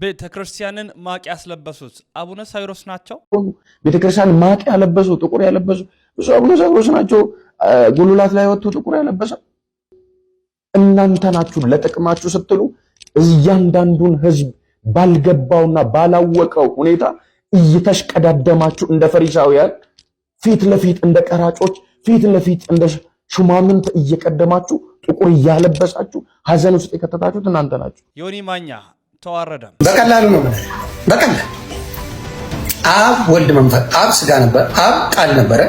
ቤተ ክርስቲያንን ማቅ ያስለበሱት አቡነ ሳይሮስ ናቸው። ቤተክርስቲያን ማቅ ያለበሱ ጥቁር ያለበሱ ብፁዕ አቡነ ሳይሮስ ናቸው። ጉልላት ላይ ወጥቶ ጥቁር ያለበሰ እናንተ ናችሁ። ለጥቅማችሁ ስትሉ እያንዳንዱን ህዝብ ባልገባውና ባላወቀው ሁኔታ እየተሽቀዳደማችሁ እንደ ፈሪሳውያን ፊት ለፊት እንደ ቀራጮች ፊት ለፊት እንደ ሹማምንት እየቀደማችሁ ጥቁር እያለበሳችሁ ሀዘን ውስጥ የከተታችሁት እናንተ ናችሁ። ዮኒ ማኛ ተዋረደ። በቀላሉ ነው በቀላል አብ ወልድ መንፈስ አብ ስጋ ነበር፣ አብ ቃል ነበረ፣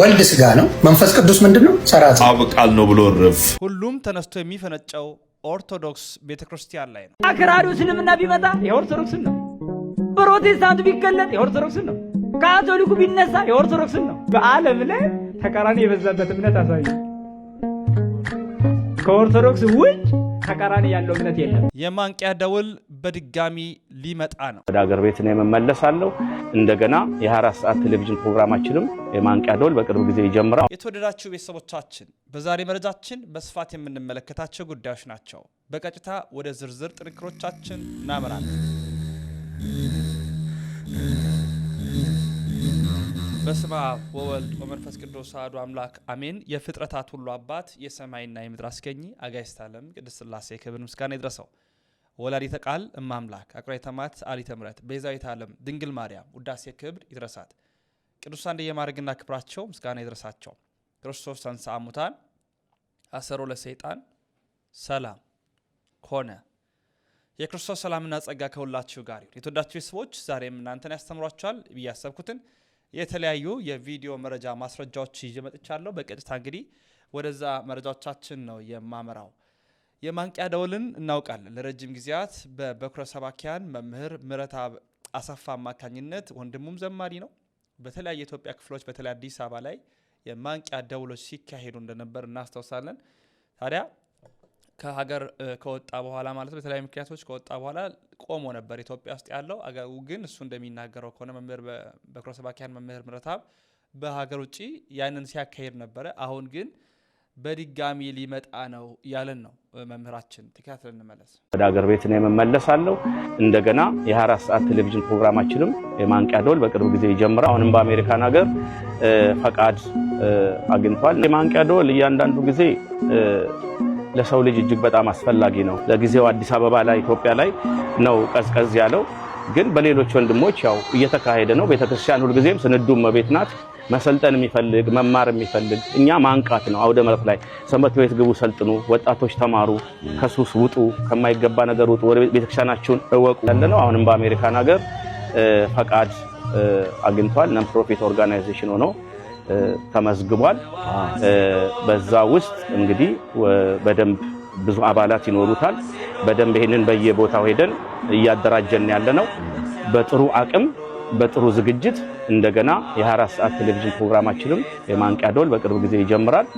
ወልድ ስጋ ነው፣ መንፈስ ቅዱስ ምንድን ነው? ሰራት አብ ቃል ነው ብሎ ርፍ ሁሉም ተነስቶ የሚፈነጨው ኦርቶዶክስ ቤተክርስቲያን ላይ ነው። አክራሪው እስልምና ቢመጣ የኦርቶዶክስን ነው። ፕሮቴስታንቱ ቢገለጥ የኦርቶዶክስን ነው። ካቶሊኩ ቢነሳ የኦርቶዶክስን ነው። በዓለም ላይ ተቃራኒ የበዛበት እምነት አሳየ። ከኦርቶዶክስ ውጭ ተቃራኒ ያለው እምነት የለም። የማንቂያ ደውል በድጋሚ ሊመጣ ነው። ወደ አገር ቤት ነው የምመለሳለሁ። እንደገና የ24 ሰዓት ቴሌቪዥን ፕሮግራማችንም የማንቂያ ደውል በቅርብ ጊዜ ይጀምራል። የተወደዳችሁ ቤተሰቦቻችን በዛሬ መረጃችን በስፋት የምንመለከታቸው ጉዳዮች ናቸው። በቀጥታ ወደ ዝርዝር ጥንክሮቻችን እናመራለን። በስመ አብ ወወልድ ወመንፈስ ቅዱስ አሐዱ አምላክ አሜን። የፍጥረታት ሁሉ አባት የሰማይና የምድር አስገኚ አጋዕዝተ ዓለም ቅድስት ሥላሴ ክብር ምስጋና ይድረሰው። ወላዲተ ቃል እማምላክ አምላክ አቁራይ ተማት አሊተ ምሕረት ቤዛዊተ ዓለም ድንግል ማርያም ውዳሴ ክብር ይድረሳት። ቅዱሳን እንደየማድረግና ክብራቸው ምስጋና ይድረሳቸው። ክርስቶስ ተንሥአ እሙታን አሰሮ ለሰይጣን ሰላም ኮነ የክርስቶስ ሰላምና ጸጋ ከሁላችሁ ጋር ይሁን። የተወዳችሁ ሰዎች ዛሬም እናንተን ያስተምሯችኋል ብዬ ያሰብኩትን የተለያዩ የቪዲዮ መረጃ ማስረጃዎች ይዤ መጥቻለሁ። በቀጥታ እንግዲህ ወደዛ መረጃዎቻችን ነው የማመራው። የማንቂያ ደወልን እናውቃለን። ለረጅም ጊዜያት በበኩረ ሰባኪያን መምህር ምረታ አሰፋ አማካኝነት ወንድሙም ዘማሪ ነው። በተለያዩ የኢትዮጵያ ክፍሎች በተለይ አዲስ አበባ ላይ የማንቂያ ደውሎች ሲካሄዱ እንደነበር እናስታውሳለን። ታዲያ ከሀገር ከወጣ በኋላ ማለት ነው። በተለያዩ ምክንያቶች ከወጣ በኋላ ቆሞ ነበር ኢትዮጵያ ውስጥ ያለው አገሩ ግን እሱ እንደሚናገረው ከሆነ መምህር በኩረሰባኪያን መምህር ምረታብ በሀገር ውጭ ያንን ሲያካሄድ ነበረ። አሁን ግን በድጋሚ ሊመጣ ነው ያለን ነው መምህራችን። ተከታትለን እንመለስ። ወደ ሀገር ቤት ነው የምመለሳለሁ። እንደገና የ24 ሰዓት ቴሌቪዥን ፕሮግራማችንም የማንቂያ ደወል በቅርብ ጊዜ ይጀምራል። አሁንም በአሜሪካን ሀገር ፈቃድ አግኝቷል። የማንቂያ ደወል እያንዳንዱ ጊዜ ለሰው ልጅ እጅግ በጣም አስፈላጊ ነው። ለጊዜው አዲስ አበባ ላይ ኢትዮጵያ ላይ ነው ቀዝቀዝ ያለው፣ ግን በሌሎች ወንድሞች ያው እየተካሄደ ነው። ቤተክርስቲያን ሁልጊዜም ስንዱ እመቤት ናት። መሰልጠን የሚፈልግ መማር የሚፈልግ እኛ ማንቃት ነው። አውደ መረት ላይ ሰንበት ቤት ግቡ፣ ሰልጥኑ፣ ወጣቶች ተማሩ፣ ከሱስ ውጡ፣ ከማይገባ ነገር ውጡ፣ ወደ ቤተክርስቲያናችሁን እወቁ ያለ ነው። አሁንም በአሜሪካን ሀገር ፈቃድ አግኝቷል። ነን ፕሮፊት ኦርጋናይዜሽን ሆኖ ተመዝግቧል። በዛ ውስጥ እንግዲህ በደንብ ብዙ አባላት ይኖሩታል። በደንብ ይሄንን በየቦታው ሄደን እያደራጀን ያለ ነው። በጥሩ አቅም በጥሩ ዝግጅት እንደገና የ24 ሰዓት ቴሌቪዥን ፕሮግራማችንም የማንቂያ ደወል በቅርብ ጊዜ ይጀምራል።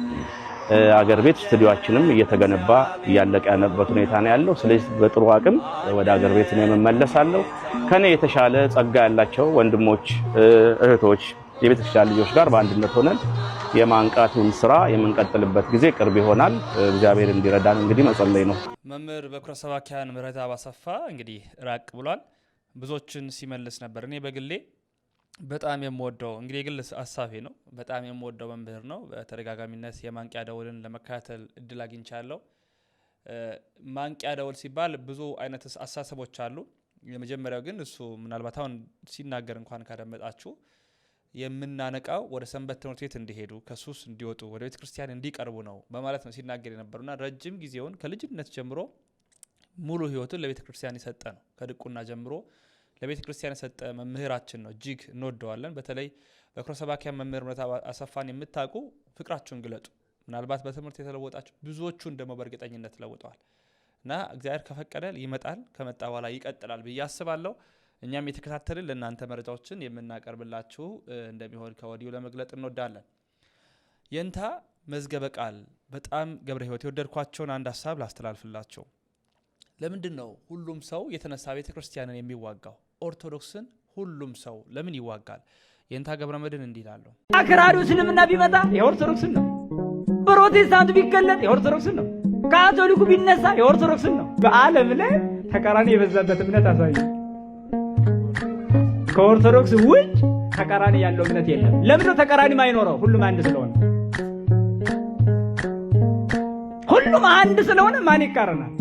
አገር ቤት ስቱዲዮችንም እየተገነባ እያለቀ ያለበት ሁኔታ ነው ያለው። ስለዚህ በጥሩ አቅም ወደ አገር ቤት ነው የምመለሳለሁ። ከኔ የተሻለ ጸጋ ያላቸው ወንድሞች እህቶች የቤተክርስቲያን ልጆች ጋር በአንድነት ሆነን የማንቃቱን ስራ የምንቀጥልበት ጊዜ ቅርብ ይሆናል። እግዚአብሔር እንዲረዳን እንግዲህ መጸለይ ነው። መምህር በኩረ ሰባኪያን ምህረተአብ እንግዲህ ራቅ ብሏል። ብዙዎችን ሲመልስ ነበር። እኔ በግሌ በጣም የምወደው እንግዲህ የግል ሀሳቤ ነው። በጣም የምወደው መምህር ነው። በተደጋጋሚነት የማንቂያ ደውልን ለመከታተል እድል አግኝቻለሁ። ማንቂያ ደውል ሲባል ብዙ አይነት አሳሰቦች አሉ። የመጀመሪያው ግን እሱ ምናልባት አሁን ሲናገር እንኳን ካደመጣችሁ የምናነቃው ወደ ሰንበት ትምህርት ቤት እንዲሄዱ ከሱስ እንዲወጡ ወደ ቤተ ክርስቲያን እንዲቀርቡ ነው በማለት ነው ሲናገር የነበሩና ረጅም ጊዜውን ከልጅነት ጀምሮ ሙሉ ህይወቱን ለቤተ ክርስቲያን የሰጠ ነው። ከድቁና ጀምሮ ለቤተ ክርስቲያን የሰጠ መምህራችን ነው። እጅግ እንወደዋለን። በተለይ በክሮሰባኪያ መምህር እምነት አሰፋን የምታውቁ ፍቅራችሁን ግለጡ። ምናልባት በትምህርት የተለወጣችሁ ብዙዎቹን ደግሞ በእርግጠኝነት ለውጠዋል እና እግዚአብሔር ከፈቀደ ይመጣል። ከመጣ በኋላ ይቀጥላል ብዬ አስባለሁ። እኛም የተከታተልን ለእናንተ መረጃዎችን የምናቀርብላችሁ እንደሚሆን ከወዲሁ ለመግለጥ እንወዳለን። የእንታ መዝገበ ቃል በጣም ገብረ ህይወት የወደድኳቸውን አንድ ሀሳብ ላስተላልፍላቸው። ለምንድን ነው ሁሉም ሰው የተነሳ ቤተ ክርስቲያንን የሚዋጋው? ኦርቶዶክስን ሁሉም ሰው ለምን ይዋጋል? የእንታ ገብረ መድን እንዲህ ላለሁ አክራሪው እስልምና ቢመጣ የኦርቶዶክስን ነው። ፕሮቴስታንቱ ቢገለጥ የኦርቶዶክስን ነው። ካቶሊኩ ቢነሳ የኦርቶዶክስን ነው። በዓለም ላይ ተቃራኒ የበዛበት እምነት አሳያ?። ከኦርቶዶክስ ውጭ ተቃራኒ ያለው እምነት የለም። ለምን ነው ተቃራኒ ማይኖረው? ሁሉም አንድ ስለሆነ ሁሉም አንድ ስለሆነ ማን ይቃረናል?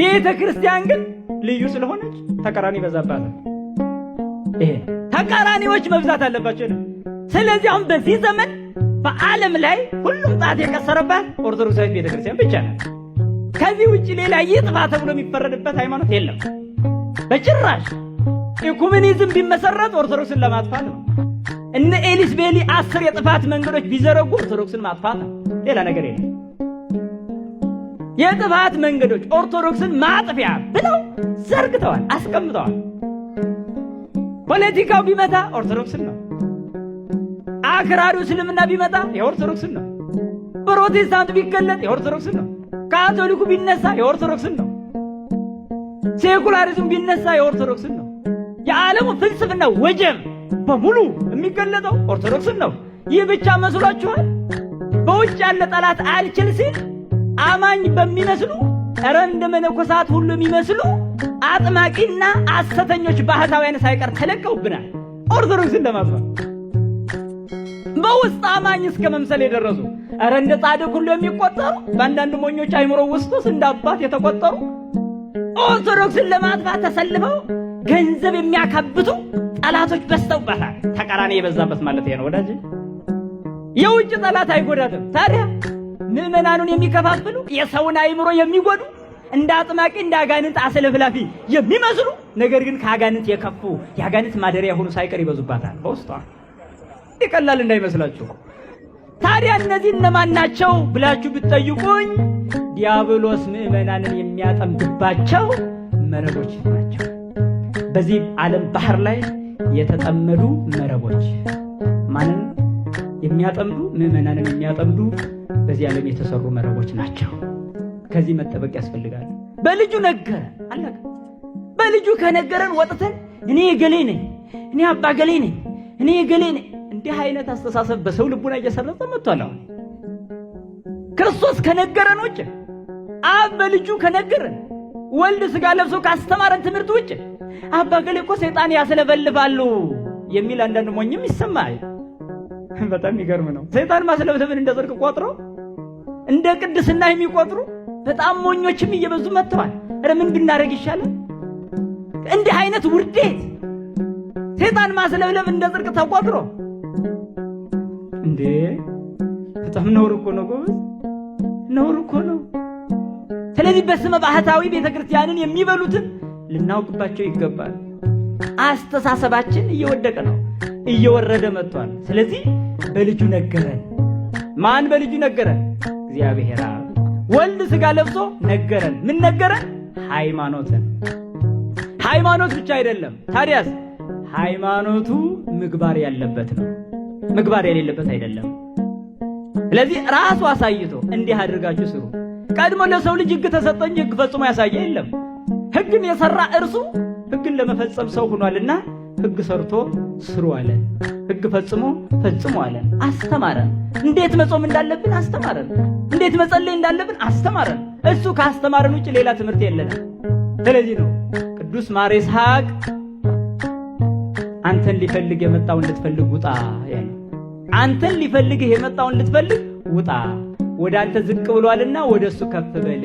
ቤተ ክርስቲያን ግን ልዩ ስለሆነች ተቃራኒ ይበዛባታል። ይሄ ተቃራኒዎች መብዛት አለባቸው። ስለዚህ አሁን በዚህ ዘመን በዓለም ላይ ሁሉም ጣት የቀሰረባት ኦርቶዶክሳዊት ቤተ ክርስቲያን ብቻ ናት። ከዚህ ውጭ ሌላ ይጥፋ ተብሎ የሚፈረድበት ሃይማኖት የለም በጭራሽ። ኢኩሜኒዝም ቢመሰረት ኦርቶዶክስን ለማጥፋት ነው። እነ ኤሊስ ቤሊ አስር የጥፋት መንገዶች ቢዘረጉ ኦርቶዶክስን ማጥፋት ነው። ሌላ ነገር የለም። የጥፋት መንገዶች ኦርቶዶክስን ማጥፊያ ብለው ዘርግተዋል፣ አስቀምጠዋል። ፖለቲካው ቢመታ ኦርቶዶክስን ነው። አክራሪው እስልምና ቢመጣ የኦርቶዶክስን ነው። ፕሮቴስታንቱ ቢገለጥ የኦርቶዶክስን ነው። ካቶሊኩ ቢነሳ የኦርቶዶክስን ነው። ሴኩላሪዝም ቢነሳ የኦርቶዶክስን ነው። የዓለሙ ፍልስፍና ወጀብ በሙሉ የሚገለጠው ኦርቶዶክስን ነው። ይህ ብቻ መስሏችኋል? በውጭ ያለ ጠላት አልችል ሲል አማኝ በሚመስሉ ኧረ እንደ መነኮሳት ሁሉ የሚመስሉ አጥማቂና አሰተኞች ባህታውያን ሳይቀር ተለቀውብናል። ኦርቶዶክስን ለማጥፋት በውስጥ አማኝ እስከ መምሰል የደረሱ ኧረ እንደ ጻድቅ ሁሉ የሚቆጠሩ በአንዳንድ ሞኞች አይምሮ ውስጥ እንደ አባት የተቆጠሩ ኦርቶዶክስን ለማጥፋት ተሰልፈው ገንዘብ የሚያካብቱ ጠላቶች በስተውበታል። ተቃራኒ የበዛበት ማለት ነው ወዳጅ። የውጭ ጠላት አይጎዳትም። ታዲያ ምዕመናኑን የሚከፋፍሉ የሰውን አይምሮ የሚጎዱ እንደ አጥማቂ እንደ አጋንንት አስለፍላፊ የሚመስሉ ነገር ግን ከአጋንንት የከፉ የአጋንንት ማደሪያ የሆኑ ሳይቀር ይበዙባታል በውስጧ። ይቀላል እንዳይመስላችሁ። ታዲያ እነዚህ እነማን ናቸው ብላችሁ ብትጠይቁኝ ዲያብሎስ ምዕመናንን የሚያጠምድባቸው መረቦች ናቸው። በዚህ ዓለም ባህር ላይ የተጠመዱ መረቦች ማንም የሚያጠምዱ ምዕመናንን የሚያጠምዱ በዚህ ዓለም የተሰሩ መረቦች ናቸው። ከዚህ መጠበቅ ያስፈልጋል። በልጁ ነገረ አለቀ። በልጁ ከነገረን ወጥተን እኔ የገሌ ነኝ፣ እኔ አባ ገሌ ነኝ፣ እኔ የገሌ ነኝ፣ እንዲህ አይነት አስተሳሰብ በሰው ልቡና እየሰረጸ መጥቷል። አሁን ክርስቶስ ከነገረን ውጭ አብ በልጁ ከነገረን ወልድ ስጋ ለብሶ ካስተማረን ትምህርት ውጭ አባ ገሌ እኮ ሰይጣን ያስለበልባሉ የሚል አንዳንድ ሞኝም ይሰማል። በጣም ይገርም ነው። ሰይጣን ማስለብለብን እንደ ጽድቅ ቆጥሮ እንደ ቅድስና የሚቆጥሩ በጣም ሞኞችም እየበዙ መጥተዋል። እረ ምን ብናደርግ ይሻላል? እንዲህ አይነት ውርዴት ሰይጣን ማስለብለብ እንደ ጽድቅ ተቆጥሮ እንዴ! በጣም ነውር እኮ ነው ጎበዝ፣ ነውር እኮ ነው። ስለዚህ በስመ ባህታዊ ቤተ ክርስቲያንን የሚበሉትን ልናውቅባቸው ይገባል። አስተሳሰባችን እየወደቀ ነው፣ እየወረደ መጥቷል። ስለዚህ በልጁ ነገረን። ማን በልጁ ነገረን? እግዚአብሔር ወልድ ሥጋ ለብሶ ነገረን። ምን ነገረን? ሃይማኖትን። ሃይማኖት ብቻ አይደለም። ታዲያስ ሃይማኖቱ ምግባር ያለበት ነው፣ ምግባር የሌለበት አይደለም። ስለዚህ ራሱ አሳይቶ እንዲህ አድርጋችሁ ስሩ። ቀድሞ ለሰው ልጅ ሕግ ተሰጠ እንጂ ሕግ ፈጽሞ ያሳየ የለም። ሕግን የሰራ እርሱ ሕግን ለመፈጸም ሰው ሆኗልና ሕግ ሰርቶ ስሩ አለ። ሕግ ፈጽሞ ፈጽሞ አለ። አስተማረን። እንዴት መጾም እንዳለብን አስተማረን። እንዴት መጸለይ እንዳለብን አስተማረን። እሱ ካስተማረን ውጭ ሌላ ትምህርት የለንም። ስለዚህ ነው ቅዱስ ማር ይስሐቅ አንተን ሊፈልግ የመጣው እንድትፈልግ ውጣ ያለ። አንተን ሊፈልግህ የመጣው እንድትፈልግ ውጣ፣ ወደ አንተ ዝቅ ብሏልና ወደ እሱ ከፍ በል።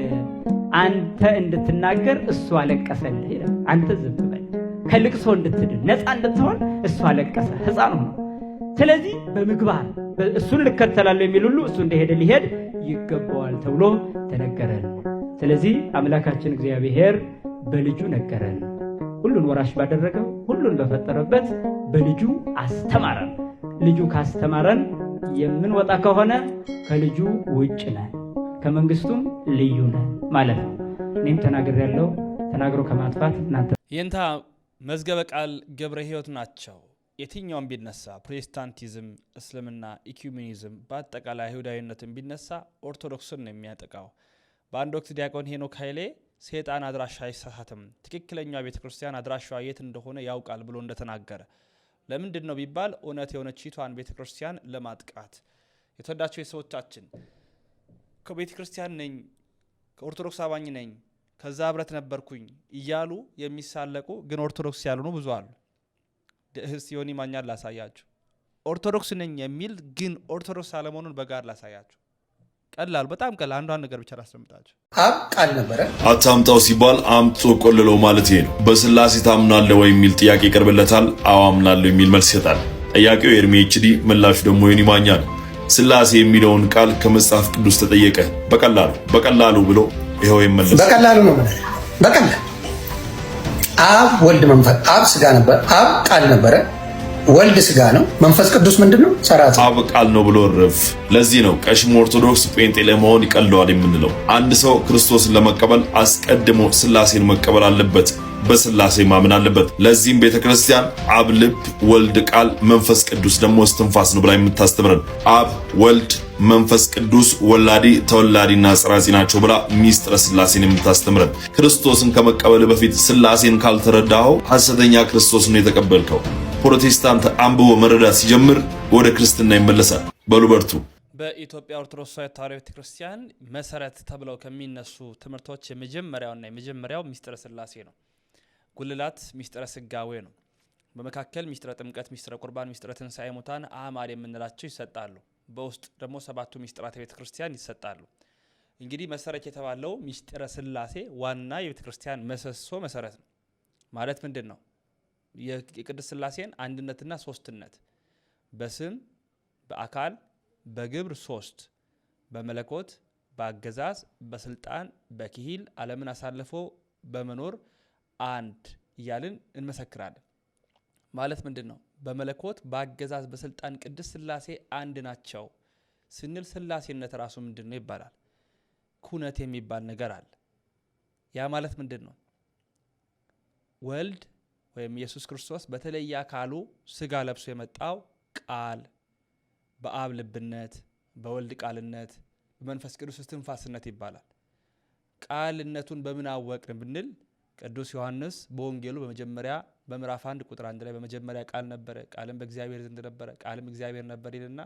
አንተ እንድትናገር እሱ አለቀሰልህ ይላል። አንተ ዝም በል ከልቅሶ እንድትድን ነፃ እንድትሆን እሱ አለቀሰ። ሕፃን ሆኖ ስለዚህ በምግባር እሱን ልከተላለሁ የሚል ሁሉ እሱ እንደሄደ ሊሄድ ይገባዋል ተብሎ ተነገረን። ስለዚህ አምላካችን እግዚአብሔር በልጁ ነገረን። ሁሉን ወራሽ ባደረገው ሁሉን በፈጠረበት በልጁ አስተማረን። ልጁ ካስተማረን የምንወጣ ከሆነ ከልጁ ውጭ ነን ከመንግስቱም ልዩ ነህ ማለት ነው። እኔም ተናግር ያለው ተናግሮ ከማጥፋት እናንተ የእንታ መዝገበ ቃል ገብረ ህይወት ናቸው። የትኛውም ቢነሳ ፕሮቴስታንቲዝም፣ እስልምና፣ ኢኩሜኒዝም በአጠቃላይ አይሁዳዊነትን ቢነሳ ኦርቶዶክስን ነው የሚያጠቃው። በአንድ ወቅት ዲያቆን ሄኖክ ኃይሌ ሴጣን አድራሻ አይሳሳትም፣ ትክክለኛዋ ቤተ ክርስቲያን አድራሻዋ የት እንደሆነ ያውቃል ብሎ እንደተናገረ ለምንድን ነው ቢባል እውነት የሆነች ይቷን ቤተ ክርስቲያን ለማጥቃት የተወዳቸው የሰዎቻችን ከቤተ ክርስቲያን ነኝ ከኦርቶዶክስ አማኝ ነኝ ከዛ ህብረት ነበርኩኝ እያሉ የሚሳለቁ ግን ኦርቶዶክስ ያልሆኑ ብዙ አሉ። ዮኒ ማኛን ላሳያችሁ። ኦርቶዶክስ ነኝ የሚል ግን ኦርቶዶክስ አለመሆኑን በጋር ላሳያችሁ። ቀላል፣ በጣም ቀላል። አንዷን ነገር ብቻ ላስደምጣችሁ። አብ ቃል ነበረ አታምጣው ሲባል አምጦ ቆልለው ማለት ይሄ ነው። በስላሴ ታምናለህ ወይ የሚል ጥያቄ ይቀርብለታል። አዎ አምናለሁ የሚል መልስ ይሰጣል። ጥያቄው የእድሜ ኤችዲ ምላሹ ደግሞ ዮኒ ማኛ ነው። ስላሴ የሚለውን ቃል ከመጽሐፍ ቅዱስ ተጠየቀ። በቀላሉ በቀላሉ ብሎ ይኸው ይመለስ። በቀላሉ ነው። በቀላል አብ ወልድ መንፈስ አብ ስጋ ነበር፣ አብ ቃል ነበረ፣ ወልድ ስጋ ነው፣ መንፈስ ቅዱስ ምንድን ነው? ሰራት አብ ቃል ነው ብሎ ረፍ። ለዚህ ነው ቀሽም ኦርቶዶክስ ጴንጤ ለመሆን ይቀለዋል የምንለው። አንድ ሰው ክርስቶስን ለመቀበል አስቀድሞ ስላሴን መቀበል አለበት። በስላሴ ማመን አለበት። ለዚህም ቤተ ክርስቲያን አብ ልብ፣ ወልድ ቃል፣ መንፈስ ቅዱስ ደግሞ እስትንፋስ ነው ብላ የምታስተምረን አብ ወልድ መንፈስ ቅዱስ ወላዲ ተወላዲና ጸራጺ ናቸው ብላ ሚስጥረ ስላሴን የምታስተምረን። ክርስቶስን ከመቀበል በፊት ስላሴን ካልተረዳኸው ሐሰተኛ ክርስቶስን የተቀበልከው። ፕሮቴስታንት አንብቦ መረዳት ሲጀምር ወደ ክርስትና ይመለሳል። በሉ በርቱ። በኢትዮጵያ ኦርቶዶክስ ተዋሕዶ ቤተክርስቲያን መሰረት ተብለው ከሚነሱ ትምህርቶች የመጀመሪያውና የመጀመሪያው ሚስጥረ ስላሴ ነው። ጉልላት ሚስጥረ ስጋዌ ነው። በመካከል ሚስጥረ ጥምቀት፣ ሚስጥረ ቁርባን፣ ሚስጥረ ትንሣኤ ሙታን አማር የምንላቸው ይሰጣሉ። በውስጥ ደግሞ ሰባቱ ሚስጥራት ቤተ ክርስቲያን ይሰጣሉ። እንግዲህ መሰረት የተባለው ሚስጥረ ስላሴ ዋና የቤተ ክርስቲያን መሰሶ መሰረት ነው። ማለት ምንድን ነው? የቅዱስ ስላሴን አንድነትና ሶስትነት በስም በአካል በግብር ሶስት በመለኮት በአገዛዝ በስልጣን በክሂል ዓለምን አሳልፎ በመኖር አንድ እያልን እንመሰክራለን። ማለት ምንድን ነው? በመለኮት በአገዛዝ በስልጣን ቅድስት ስላሴ አንድ ናቸው ስንል ስላሴነት ራሱ ምንድን ነው ይባላል። ኩነት የሚባል ነገር አለ። ያ ማለት ምንድን ነው? ወልድ ወይም ኢየሱስ ክርስቶስ በተለየ አካሉ ስጋ ለብሶ የመጣው ቃል በአብ ልብነት፣ በወልድ ቃልነት፣ በመንፈስ ቅዱስ እስትንፋስነት ይባላል። ቃልነቱን በምን አወቅን ብንል ቅዱስ ዮሐንስ በወንጌሉ በመጀመሪያ በምዕራፍ አንድ ቁጥር አንድ ላይ በመጀመሪያ ቃል ነበረ፣ ቃልም በእግዚአብሔር ዘንድ ነበረ፣ ቃልም እግዚአብሔር ነበር ይልና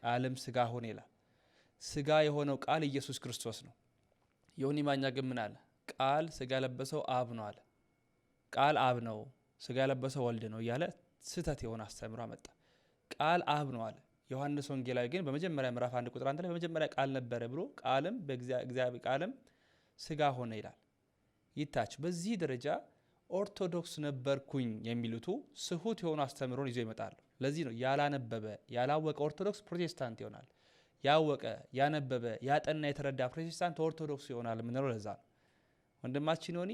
ቃልም ስጋ ሆነ ይላል። ስጋ የሆነው ቃል ኢየሱስ ክርስቶስ ነው። ዮኒ ማኛ ግን ምን አለ? ቃል ስጋ ለበሰው አብ ነው አለ። ቃል አብ ነው፣ ስጋ ለበሰው ወልድ ነው እያለ ስህተት የሆነ አስተምሮ አመጣ። ቃል አብ ነው አለ። ዮሐንስ ወንጌላዊ ግን በመጀመሪያ ምዕራፍ አንድ ቁጥር አንድ ላይ በመጀመሪያ ቃል ነበረ ብሎ ቃልም ቃልም ስጋ ሆነ ይላል። ይታች። በዚህ ደረጃ ኦርቶዶክስ ነበርኩኝ የሚሉቱ ስሁት የሆኑ አስተምህሮን ይዞ ይመጣሉ። ለዚህ ነው ያላነበበ ያላወቀ ኦርቶዶክስ ፕሮቴስታንት ይሆናል፣ ያወቀ ያነበበ ያጠና የተረዳ ፕሮቴስታንት ኦርቶዶክስ ይሆናል የምንለው ለዛ ነው። ወንድማችን ሆኒ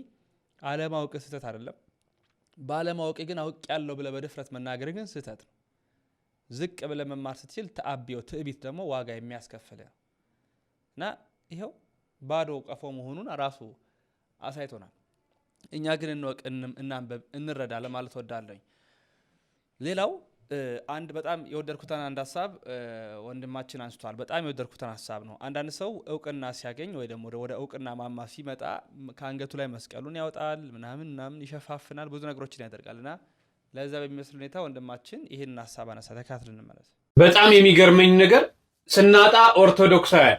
አለማወቅ ስህተት አይደለም። ባለማወቄ ግን አውቅ ያለው ብለ በድፍረት መናገር ግን ስህተት ነው። ዝቅ ብለ መማር ስትችል ተአቢው ትዕቢት ደግሞ ዋጋ የሚያስከፍል እና ይኸው ባዶ ቀፎ መሆኑን ራሱ አሳይቶናል። እኛ ግን እንወቅ፣ እናንበብ፣ እንረዳ ለማለት ወዳለኝ። ሌላው አንድ በጣም የወደድኩትን አንድ ሀሳብ ወንድማችን አንስቷል። በጣም የወደድኩትን ሀሳብ ነው። አንዳንድ ሰው እውቅና ሲያገኝ ወይ ደግሞ ወደ እውቅና ማማ ሲመጣ ከአንገቱ ላይ መስቀሉን ያወጣል፣ ምናምን ምናምን ይሸፋፍናል፣ ብዙ ነገሮችን ያደርጋል እና ለዛ በሚመስል ሁኔታ ወንድማችን ይህንን ሀሳብ አነሳ። ተካትል እንመለስ። በጣም የሚገርመኝ ነገር ስናጣ ኦርቶዶክሳውያን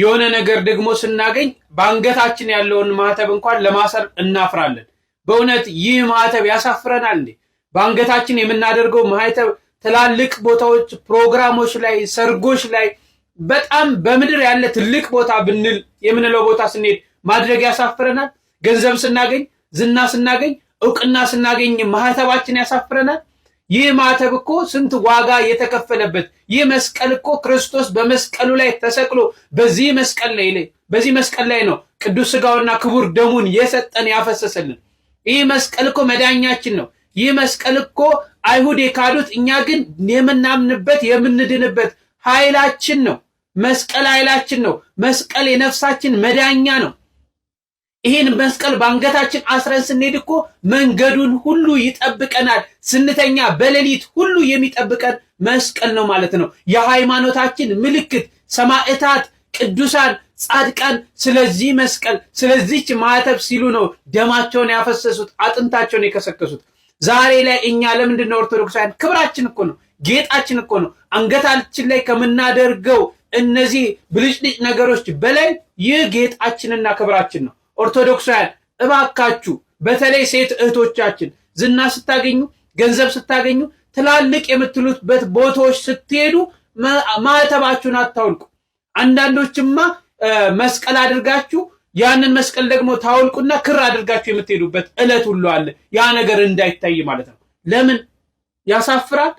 የሆነ ነገር ደግሞ ስናገኝ በአንገታችን ያለውን ማህተብ እንኳን ለማሰር እናፍራለን። በእውነት ይህ ማህተብ ያሳፍረናል እንዴ? በአንገታችን የምናደርገው ማህተብ ትላልቅ ቦታዎች፣ ፕሮግራሞች ላይ፣ ሰርጎች ላይ በጣም በምድር ያለ ትልቅ ቦታ ብንል የምንለው ቦታ ስንሄድ ማድረግ ያሳፍረናል። ገንዘብ ስናገኝ፣ ዝና ስናገኝ፣ እውቅና ስናገኝ ማህተባችን ያሳፍረናል። ይህ ማተብ እኮ ስንት ዋጋ የተከፈለበት ይህ መስቀል እኮ ክርስቶስ በመስቀሉ ላይ ተሰቅሎ በዚህ መስቀል ላይ በዚህ መስቀል ላይ ነው ቅዱስ ስጋውና ክቡር ደሙን የሰጠን ያፈሰሰልን። ይህ መስቀል እኮ መዳኛችን ነው። ይህ መስቀል እኮ አይሁድ የካዱት እኛ ግን የምናምንበት የምንድንበት ኃይላችን ነው። መስቀል ኃይላችን ነው። መስቀል የነፍሳችን መዳኛ ነው። ይህን መስቀል በአንገታችን አስረን ስንሄድ እኮ መንገዱን ሁሉ ይጠብቀናል። ስንተኛ በሌሊት ሁሉ የሚጠብቀን መስቀል ነው ማለት ነው። የሃይማኖታችን ምልክት ሰማዕታት፣ ቅዱሳን፣ ጻድቃን ስለዚህ መስቀል ስለዚች ማዕተብ ሲሉ ነው ደማቸውን ያፈሰሱት፣ አጥንታቸውን የከሰከሱት። ዛሬ ላይ እኛ ለምንድን ነው ኦርቶዶክሳውያን ክብራችን እኮ ነው፣ ጌጣችን እኮ ነው። አንገታችን ላይ ከምናደርገው እነዚህ ብልጭልጭ ነገሮች በላይ ይህ ጌጣችንና ክብራችን ነው። ኦርቶዶክሳውያን እባካችሁ በተለይ ሴት እህቶቻችን ዝና ስታገኙ፣ ገንዘብ ስታገኙ፣ ትላልቅ የምትሉበት ቦታዎች ስትሄዱ ማዕተባችሁን አታውልቁ። አንዳንዶችማ መስቀል አድርጋችሁ ያንን መስቀል ደግሞ ታውልቁና ክር አድርጋችሁ የምትሄዱበት እለት ሁሉ አለ። ያ ነገር እንዳይታይ ማለት ነው። ለምን ያሳፍራል?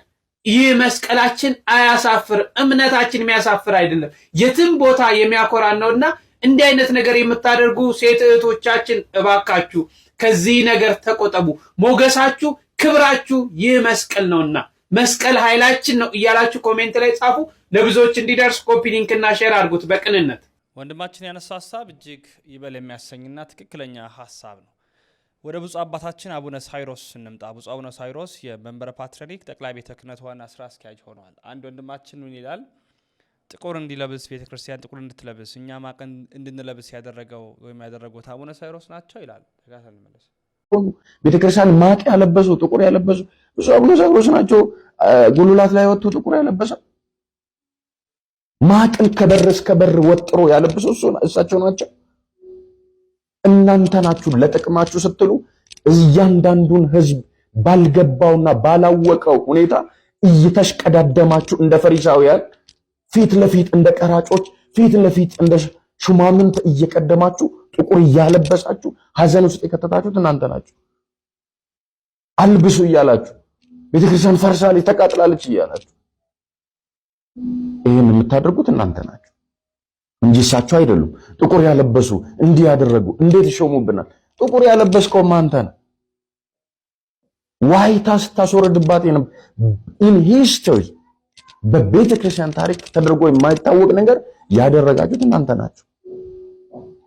ይህ መስቀላችን አያሳፍር፣ እምነታችን የሚያሳፍር አይደለም። የትም ቦታ የሚያኮራን ነውና እንዲህ አይነት ነገር የምታደርጉ ሴት እህቶቻችን እባካችሁ ከዚህ ነገር ተቆጠቡ። ሞገሳችሁ፣ ክብራችሁ ይህ መስቀል ነውና መስቀል ኃይላችን ነው እያላችሁ ኮሜንት ላይ ጻፉ። ለብዙዎች እንዲደርስ ኮፒ ሊንክና ሼር አድርጉት። በቅንነት ወንድማችን ያነሳ ሀሳብ እጅግ ይበል የሚያሰኝና ትክክለኛ ሀሳብ ነው። ወደ ብፁ አባታችን አቡነ ሳይሮስ ስንምጣ ብፁ አቡነ ሳይሮስ የመንበረ ፓትርያርክ ጠቅላይ ቤተ ክህነት ዋና ስራ አስኪያጅ ሆነዋል። አንድ ወንድማችን ምን ይላል? ጥቁር እንዲለብስ ቤተ ክርስቲያን ጥቁር እንድትለብስ እኛ ማቅ እንድንለብስ ያደረገው ወይም ያደረጉት አቡነ ሳይሮስ ናቸው ይላል። ቤተ ቤተክርስቲያን ማቅ ያለበሱ ጥቁር ያለበሱ እሱ አቡነ ሳይሮስ ናቸው። ጉልላት ላይ ወጥቶ ጥቁር ያለበሰ ማቅን ከበር እስከ በር ወጥሮ ያለበሱ እሳቸው ናቸው። እናንተ ናችሁ ለጥቅማችሁ ስትሉ እያንዳንዱን ህዝብ ባልገባውና ባላወቀው ሁኔታ እየተሽቀዳደማችሁ እንደ ፈሪሳውያን ፊት ለፊት እንደ ቀራጮች ፊት ለፊት እንደ ሹማምንት እየቀደማችሁ ጥቁር እያለበሳችሁ ሀዘን ውስጥ የከተታችሁት እናንተ ናችሁ። አልብሱ እያላችሁ ቤተክርስቲያን ፈርሳለች፣ ተቃጥላለች እያላችሁ ይህን የምታደርጉት እናንተ ናችሁ እንጂ እሳቸው አይደሉም። ጥቁር ያለበሱ እንዲህ ያደረጉ እንዴት ይሾሙብናል? ጥቁር ያለበስከውማ አንተ ነህ። ዋይታ ስታስወርድባት ኢን ሂስቶሪ በቤተ ክርስቲያን ታሪክ ተደርጎ የማይታወቅ ነገር ያደረጋችሁት እናንተ ናችሁ።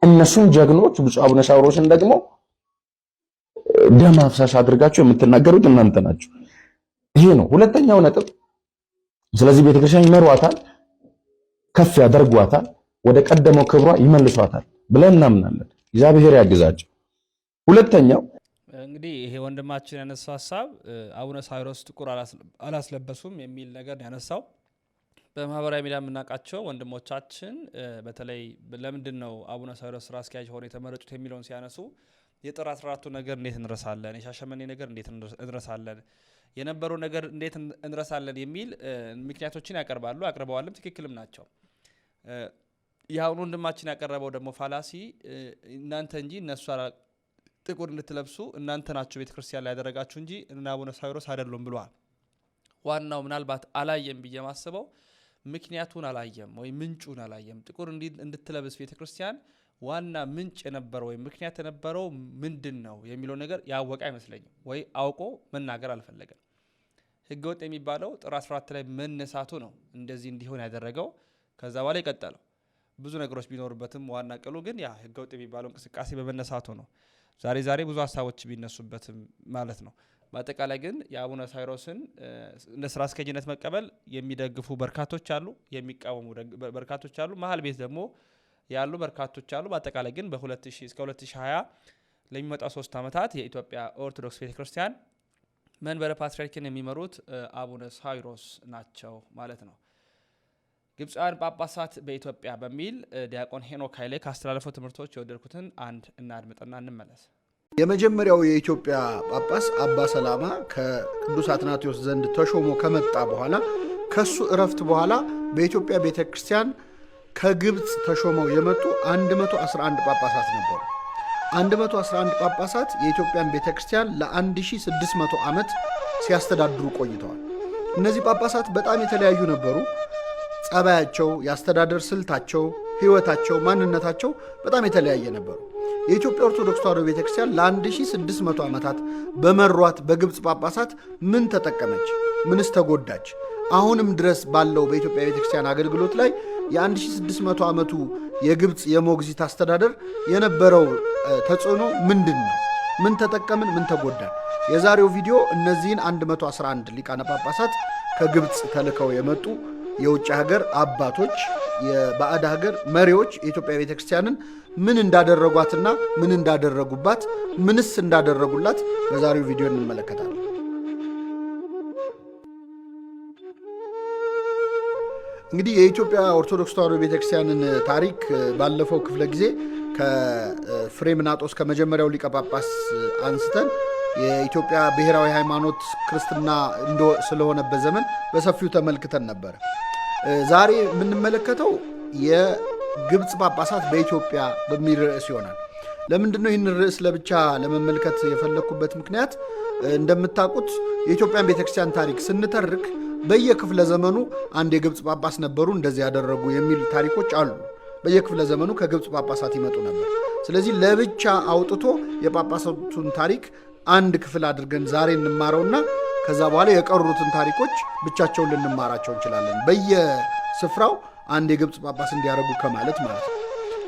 እነሱን ጀግኖች ብፁዕ አቡነ ሳዊሮስን ደግሞ ደም አፍሳሽ አድርጋችሁ የምትናገሩት እናንተ ናችሁ። ይሄ ነው ሁለተኛው ነጥብ። ስለዚህ ቤተክርስቲያን ይመሯታል፣ ከፍ ያደርጓታል፣ ወደ ቀደመው ክብሯ ይመልሷታል ብለን እናምናለን። እግዚአብሔር ያግዛቸው። ሁለተኛው እንግዲህ ይሄ ወንድማችን ያነሳው ሀሳብ አቡነ ሳይሮስ ጥቁር አላስለበሱም የሚል ነገር ያነሳው በማህበራዊ ሚዲያ የምናውቃቸው ወንድሞቻችን በተለይ ለምንድን ነው አቡነ ሳይሮስ ስራ አስኪያጅ ሆነ የተመረጡት የሚለውን ሲያነሱ የጥር አስራ አራቱ ነገር እንዴት እንረሳለን? የሻሸመኔ ነገር እንዴት እንረሳለን? የነበሩ ነገር እንዴት እንረሳለን? የሚል ምክንያቶችን ያቀርባሉ። አቅርበዋልም፣ ትክክልም ናቸው። የአሁኑ ወንድማችን ያቀረበው ደግሞ ፋላሲ እናንተ እንጂ እነሱ ጥቁር እንድትለብሱ እናንተ ናቸው ቤተ ክርስቲያን ላይ ያደረጋችሁ እንጂ እና አቡነ ሳዊሮስ አይደሉም ብለዋል። ዋናው ምናልባት አላየም ብዬ ማስበው ምክንያቱን አላየም ወይም ምንጩን አላየም። ጥቁር እንድትለብስ ቤተ ክርስቲያን ዋና ምንጭ የነበረው ወይም ምክንያት የነበረው ምንድን ነው የሚለው ነገር ያወቀ አይመስለኝም፣ ወይ አውቆ መናገር አልፈለገም። ህገወጥ የሚባለው ጥር 14 ላይ መነሳቱ ነው እንደዚህ እንዲሆን ያደረገው። ከዛ በኋላ የቀጠለው ብዙ ነገሮች ቢኖሩበትም ዋና ቅሉ ግን ያ ህገወጥ የሚባለው እንቅስቃሴ በመነሳቱ ነው። ዛሬ ዛሬ ብዙ ሀሳቦች ቢነሱበትም ማለት ነው። በአጠቃላይ ግን የአቡነ ሳይሮስን እንደ ስራ አስኪያጅነት መቀበል የሚደግፉ በርካቶች አሉ፣ የሚቃወሙ በርካቶች አሉ፣ መሀል ቤት ደግሞ ያሉ በርካቶች አሉ። በአጠቃላይ ግን በ2000 እስከ 2020 ለሚመጣው ሶስት ዓመታት የኢትዮጵያ ኦርቶዶክስ ቤተክርስቲያን መንበረ ፓትሪያርኪን የሚመሩት አቡነ ሳይሮስ ናቸው ማለት ነው። ግብፃውያን ጳጳሳት በኢትዮጵያ በሚል ዲያቆን ሄኖክ ኃይሌ ካስተላለፈው ትምህርቶች የወደድኩትን አንድ እናድምጥና እንመለስ። የመጀመሪያው የኢትዮጵያ ጳጳስ አባ ሰላማ ከቅዱስ አትናቴዎስ ዘንድ ተሾሞ ከመጣ በኋላ ከሱ እረፍት በኋላ በኢትዮጵያ ቤተ ክርስቲያን ከግብፅ ተሾመው የመጡ 111 ጳጳሳት ነበሩ። 111 ጳጳሳት የኢትዮጵያን ቤተ ክርስቲያን ለ1600 ዓመት ሲያስተዳድሩ ቆይተዋል። እነዚህ ጳጳሳት በጣም የተለያዩ ነበሩ። ጸባያቸው፣ የአስተዳደር ስልታቸው፣ ሕይወታቸው፣ ማንነታቸው በጣም የተለያየ ነበሩ። የኢትዮጵያ ኦርቶዶክስ ተዋሕዶ ቤተክርስቲያን ለ1600 ዓመታት በመሯት በግብፅ ጳጳሳት ምን ተጠቀመች? ምንስ ተጎዳች? አሁንም ድረስ ባለው በኢትዮጵያ ቤተክርስቲያን አገልግሎት ላይ የ1600 ዓመቱ የግብፅ የሞግዚት አስተዳደር የነበረው ተጽዕኖ ምንድን ነው? ምን ተጠቀምን? ምን ተጎዳን? የዛሬው ቪዲዮ እነዚህን 111 ሊቃነ ጳጳሳት ከግብፅ ተልከው የመጡ የውጭ ሀገር አባቶች፣ የባዕድ ሀገር መሪዎች የኢትዮጵያ ቤተ ክርስቲያንን ምን እንዳደረጓትና ምን እንዳደረጉባት ምንስ እንዳደረጉላት በዛሬው ቪዲዮ እንመለከታለን። እንግዲህ የኢትዮጵያ ኦርቶዶክስ ተዋሕዶ ቤተክርስቲያንን ታሪክ ባለፈው ክፍለ ጊዜ ምናጦስ ከመጀመሪያው ሊቀ ጳጳስ አንስተን የኢትዮጵያ ብሔራዊ ሃይማኖት ክርስትና ስለሆነበት ዘመን በሰፊው ተመልክተን ነበረ። ዛሬ የምንመለከተው የግብፅ ጳጳሳት በኢትዮጵያ በሚል ርዕስ ይሆናል። ለምንድን ነው ይህንን ርዕስ ለብቻ ለመመልከት የፈለግኩበት ምክንያት እንደምታውቁት የኢትዮጵያን ቤተክርስቲያን ታሪክ ስንተርክ በየክፍለ ዘመኑ አንድ የግብፅ ጳጳስ ነበሩ፣ እንደዚህ ያደረጉ የሚል ታሪኮች አሉ። በየክፍለ ዘመኑ ከግብፅ ጳጳሳት ይመጡ ነበር። ስለዚህ ለብቻ አውጥቶ የጳጳሳቱን ታሪክ አንድ ክፍል አድርገን ዛሬ እንማረውና ከዛ በኋላ የቀሩትን ታሪኮች ብቻቸውን ልንማራቸው እንችላለን። በየስፍራው አንድ የግብፅ ጳጳስ እንዲያደርጉ ከማለት ማለት ነው።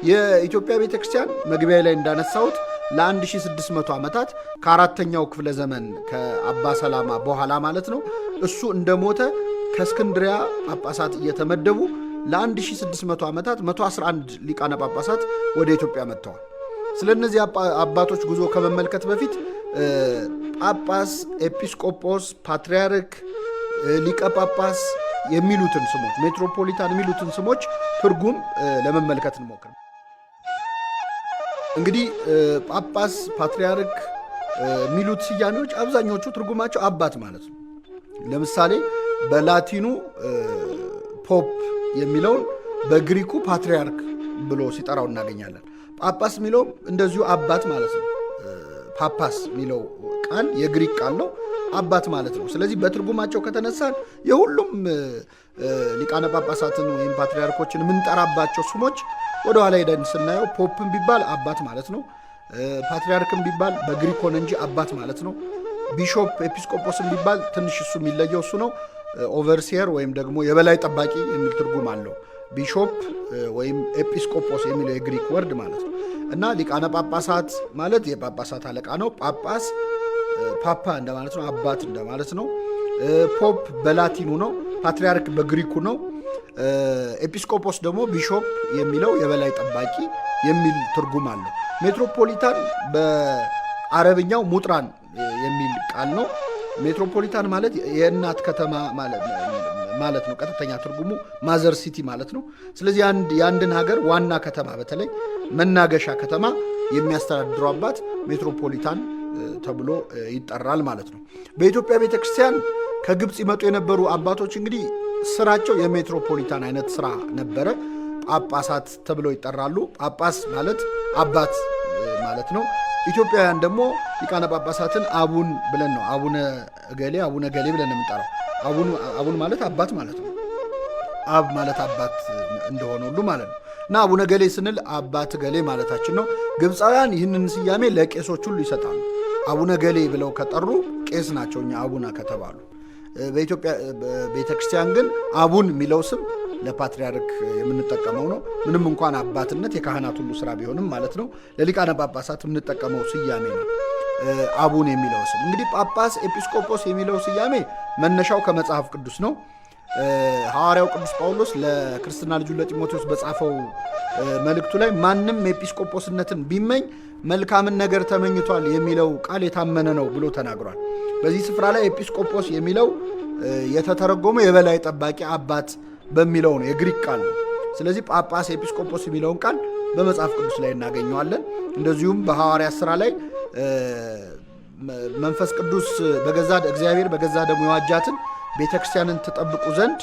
የኢትዮጵያ ቤተ ክርስቲያን መግቢያ ላይ እንዳነሳሁት ለ1600 ዓመታት ከአራተኛው ክፍለ ዘመን ከአባ ሰላማ በኋላ ማለት ነው እሱ እንደሞተ ከእስክንድሪያ ጳጳሳት እየተመደቡ ለ1600 ዓመታት 111 ሊቃነ ጳጳሳት ወደ ኢትዮጵያ መጥተዋል። ስለነዚህ አባቶች ጉዞ ከመመልከት በፊት ጳጳስ፣ ኤጲስቆጶስ፣ ፓትርያርክ፣ ሊቀ ጳጳስ የሚሉትን ስሞች ሜትሮፖሊታን የሚሉትን ስሞች ትርጉም ለመመልከት እንሞክር። እንግዲህ ጳጳስ፣ ፓትርያርክ የሚሉት ስያሜዎች አብዛኞቹ ትርጉማቸው አባት ማለት ነው። ለምሳሌ በላቲኑ ፖፕ የሚለውን በግሪኩ ፓትርያርክ ብሎ ሲጠራው እናገኛለን። ጳጳስ የሚለውም እንደዚሁ አባት ማለት ነው። ፓፓስ የሚለው ቃል የግሪክ ቃል ነው፣ አባት ማለት ነው። ስለዚህ በትርጉማቸው ከተነሳን የሁሉም ሊቃነ ጳጳሳትን ወይም ፓትሪያርኮችን የምንጠራባቸው ስሞች ወደኋላ ሄደን ስናየው ፖፕን ቢባል አባት ማለት ነው። ፓትሪያርክን ቢባል በግሪክ ሆነ እንጂ አባት ማለት ነው። ቢሾፕ ኤጲስቆጶስን ቢባል ትንሽ እሱ የሚለየው እሱ ነው። ኦቨርሲየር ወይም ደግሞ የበላይ ጠባቂ የሚል ትርጉም አለው። ቢሾፕ ወይም ኤጲስቆጶስ የሚለው የግሪክ ወርድ ማለት ነው እና ሊቃነ ጳጳሳት ማለት የጳጳሳት አለቃ ነው። ጳጳስ ፓፓ እንደማለት ነው፣ አባት እንደማለት ነው። ፖፕ በላቲኑ ነው፣ ፓትሪያርክ በግሪኩ ነው። ኤጲስቆጶስ ደግሞ ቢሾፕ የሚለው የበላይ ጠባቂ የሚል ትርጉም አለው። ሜትሮፖሊታን በአረብኛው ሙጥራን የሚል ቃል ነው። ሜትሮፖሊታን ማለት የእናት ከተማ ማለት ማለት ነው። ቀጥተኛ ትርጉሙ ማዘር ሲቲ ማለት ነው። ስለዚህ የአንድን ሀገር ዋና ከተማ በተለይ መናገሻ ከተማ የሚያስተዳድሩ አባት ሜትሮፖሊታን ተብሎ ይጠራል ማለት ነው። በኢትዮጵያ ቤተክርስቲያን ከግብፅ ይመጡ የነበሩ አባቶች እንግዲህ ስራቸው የሜትሮፖሊታን አይነት ስራ ነበረ። ጳጳሳት ተብለው ይጠራሉ። ጳጳስ ማለት አባት ማለት ነው። ኢትዮጵያውያን ደግሞ ሊቃነ ጳጳሳትን አቡን ብለን ነው አቡነ እገሌ አቡነ እገሌ ብለን የምንጠራው። አቡን ማለት አባት ማለት ነው። አብ ማለት አባት እንደሆነ ሁሉ ማለት ነው። እና አቡነ ገሌ ስንል አባት ገሌ ማለታችን ነው። ግብፃውያን ይህንን ስያሜ ለቄሶች ሁሉ ይሰጣሉ። አቡነ ገሌ ብለው ከጠሩ ቄስ ናቸው፣ እኛ አቡና ከተባሉ። በኢትዮጵያ ቤተክርስቲያን ግን አቡን የሚለው ስም ለፓትሪያርክ የምንጠቀመው ነው። ምንም እንኳን አባትነት የካህናት ሁሉ ስራ ቢሆንም ማለት ነው። ለሊቃነ ጳጳሳት የምንጠቀመው ስያሜ ነው። አቡን የሚለው ስም እንግዲህ ጳጳስ፣ ኤጲስቆጶስ የሚለው ስያሜ መነሻው ከመጽሐፍ ቅዱስ ነው። ሐዋርያው ቅዱስ ጳውሎስ ለክርስትና ልጁ ለጢሞቴዎስ በጻፈው መልእክቱ ላይ ማንም ኤጲስቆጶስነትን ቢመኝ መልካምን ነገር ተመኝቷል የሚለው ቃል የታመነ ነው ብሎ ተናግሯል። በዚህ ስፍራ ላይ ኤጲስቆጶስ የሚለው የተተረጎመ የበላይ ጠባቂ አባት በሚለው ነው፣ የግሪክ ቃል ነው። ስለዚህ ጳጳስ ኤጲስቆጶስ የሚለውን ቃል በመጽሐፍ ቅዱስ ላይ እናገኘዋለን። እንደዚሁም በሐዋርያ ስራ ላይ መንፈስ ቅዱስ በገዛ እግዚአብሔር በገዛ ደግሞ የዋጃትን ቤተ ክርስቲያንን ትጠብቁ ዘንድ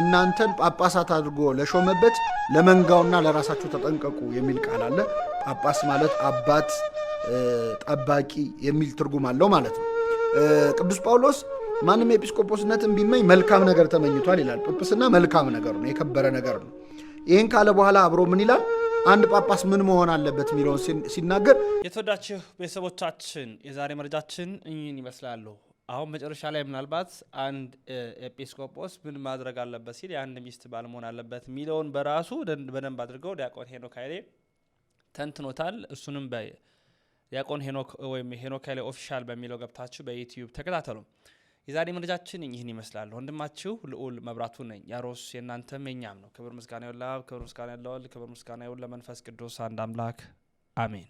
እናንተን ጳጳሳት አድርጎ ለሾመበት ለመንጋውና ለራሳችሁ ተጠንቀቁ የሚል ቃል አለ። ጳጳስ ማለት አባት፣ ጠባቂ የሚል ትርጉም አለው ማለት ነው። ቅዱስ ጳውሎስ ማንም ኤጲስቆጶስነትን ቢመኝ መልካም ነገር ተመኝቷል ይላል። ጵጵስና መልካም ነገር ነው፣ የከበረ ነገር ነው። ይህን ካለ በኋላ አብሮ ምን ይላል? አንድ ጳጳስ ምን መሆን አለበት የሚለውን ሲናገር፣ የተወዳችሁ ቤተሰቦቻችን የዛሬ መረጃችን እኝን ይመስላሉ። አሁን መጨረሻ ላይ ምናልባት አንድ ኤጲስቆጶስ ምን ማድረግ አለበት ሲል የአንድ ሚስት ባል መሆን አለበት የሚለውን በራሱ በደንብ አድርገው ዲያቆን ሄኖክ ኃይሌ ተንትኖታል። እሱንም በዲያቆን ሄኖክ ወይም ሄኖክ ኃይሌ ኦፊሻል በሚለው ገብታችሁ በዩትዩብ ተከታተሉም። የዛሬ መረጃችን ይህን ይመስላል። ወንድማችሁ ልዑል መብራቱ ነኝ። ያሮስ የእናንተም የኛም ነው። ክብር ምስጋና ለአብ፣ ክብር ምስጋና ለወልድ፣ ክብር ምስጋና ለመንፈስ ቅዱስ አንድ አምላክ አሜን።